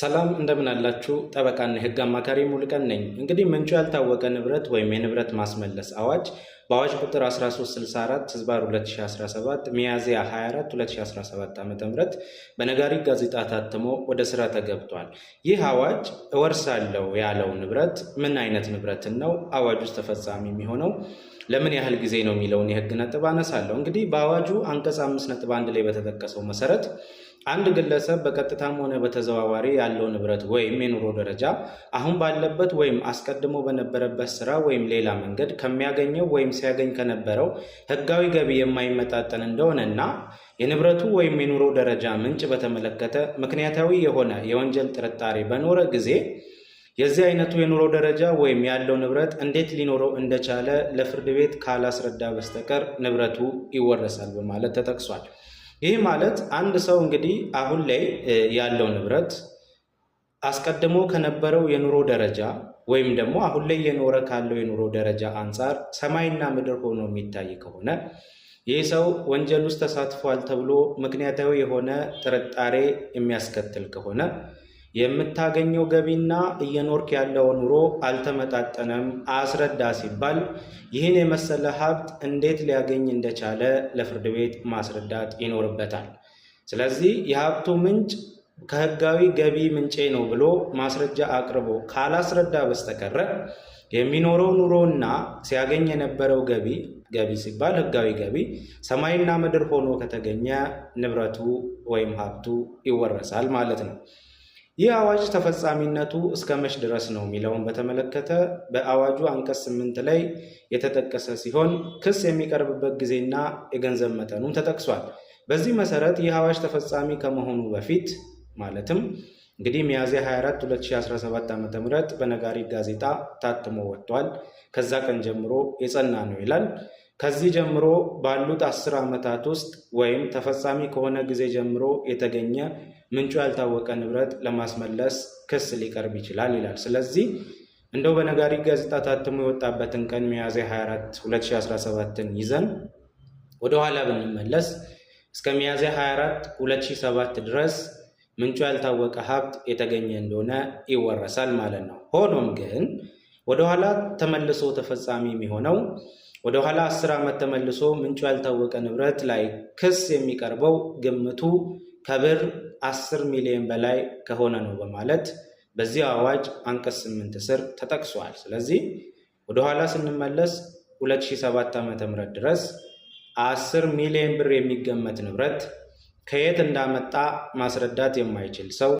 ሰላም እንደምን አላችሁ? ጠበቃና የህግ አማካሪ ሙልቀን ነኝ። እንግዲህ ምንጩ ያልታወቀ ንብረት ወይም የንብረት ማስመለስ አዋጅ በአዋጅ ቁጥር 1364 ህዝባር 2017 ሚያዝያ 24 2017 ዓ ም በነጋሪት ጋዜጣ ታትሞ ወደ ስራ ተገብቷል። ይህ አዋጅ እወርሳለሁ ያለው ንብረት ምን አይነት ንብረትን ነው? አዋጅ ውስጥ ተፈጻሚ የሚሆነው ለምን ያህል ጊዜ ነው የሚለውን የህግ ነጥብ አነሳለሁ። እንግዲህ በአዋጁ አንቀጽ 5 ነጥብ 1 ላይ በተጠቀሰው መሰረት አንድ ግለሰብ በቀጥታም ሆነ በተዘዋዋሪ ያለው ንብረት ወይም የኑሮ ደረጃ አሁን ባለበት ወይም አስቀድሞ በነበረበት ስራ ወይም ሌላ መንገድ ከሚያገኘው ወይም ሲያገኝ ከነበረው ህጋዊ ገቢ የማይመጣጠን እንደሆነና የንብረቱ ወይም የኑሮ ደረጃ ምንጭ በተመለከተ ምክንያታዊ የሆነ የወንጀል ጥርጣሬ በኖረ ጊዜ የዚህ አይነቱ የኑሮ ደረጃ ወይም ያለው ንብረት እንዴት ሊኖረው እንደቻለ ለፍርድ ቤት ካላስረዳ በስተቀር ንብረቱ ይወረሳል በማለት ተጠቅሷል። ይህ ማለት አንድ ሰው እንግዲህ አሁን ላይ ያለው ንብረት አስቀድሞ ከነበረው የኑሮ ደረጃ ወይም ደግሞ አሁን ላይ የኖረ ካለው የኑሮ ደረጃ አንጻር ሰማይና ምድር ሆኖ የሚታይ ከሆነ ይህ ሰው ወንጀል ውስጥ ተሳትፏል ተብሎ ምክንያታዊ የሆነ ጥርጣሬ የሚያስከትል ከሆነ የምታገኘው ገቢና እየኖርክ ያለው ኑሮ አልተመጣጠነም፣ አስረዳ ሲባል ይህን የመሰለ ሀብት እንዴት ሊያገኝ እንደቻለ ለፍርድ ቤት ማስረዳት ይኖርበታል። ስለዚህ የሀብቱ ምንጭ ከህጋዊ ገቢ ምንጬ ነው ብሎ ማስረጃ አቅርቦ ካላስረዳ በስተቀረ የሚኖረው ኑሮና ሲያገኝ የነበረው ገቢ ገቢ ሲባል ህጋዊ ገቢ ሰማይና ምድር ሆኖ ከተገኘ ንብረቱ ወይም ሀብቱ ይወረሳል ማለት ነው። ይህ አዋጅ ተፈጻሚነቱ እስከ መች ድረስ ነው የሚለውን በተመለከተ በአዋጁ አንቀጽ ስምንት ላይ የተጠቀሰ ሲሆን ክስ የሚቀርብበት ጊዜና የገንዘብ መጠኑም ተጠቅሷል። በዚህ መሰረት ይህ አዋጅ ተፈጻሚ ከመሆኑ በፊት ማለትም እንግዲህ ሚያዝያ 24 2017 ዓ ም በነጋሪት ጋዜጣ ታትሞ ወጥቷል። ከዛ ቀን ጀምሮ የጸና ነው ይላል። ከዚህ ጀምሮ ባሉት አስር ዓመታት ውስጥ ወይም ተፈጻሚ ከሆነ ጊዜ ጀምሮ የተገኘ ምንጩ ያልታወቀ ንብረት ለማስመለስ ክስ ሊቀርብ ይችላል ይላል። ስለዚህ እንደው በነጋሪት ጋዜጣ ታትሞ የወጣበትን ቀን ሚያዝያ 24 2017 ይዘን ወደኋላ ብንመለስ እስከ ሚያዝያ 24 2007 ድረስ ምንጩ ያልታወቀ ሀብት የተገኘ እንደሆነ ይወረሳል ማለት ነው። ሆኖም ግን ወደኋላ ተመልሶ ተፈጻሚ የሚሆነው ወደኋላ አስር ዓመት ተመልሶ ምንጩ ያልታወቀ ንብረት ላይ ክስ የሚቀርበው ግምቱ ከብር አስር ሚሊዮን በላይ ከሆነ ነው በማለት በዚህ አዋጅ አንቀጽ ስምንት ስር ተጠቅሷል። ስለዚህ ወደኋላ ስንመለስ 2007 ዓ.ም ድረስ አስር ሚሊዮን ብር የሚገመት ንብረት ከየት እንዳመጣ ማስረዳት የማይችል ሰው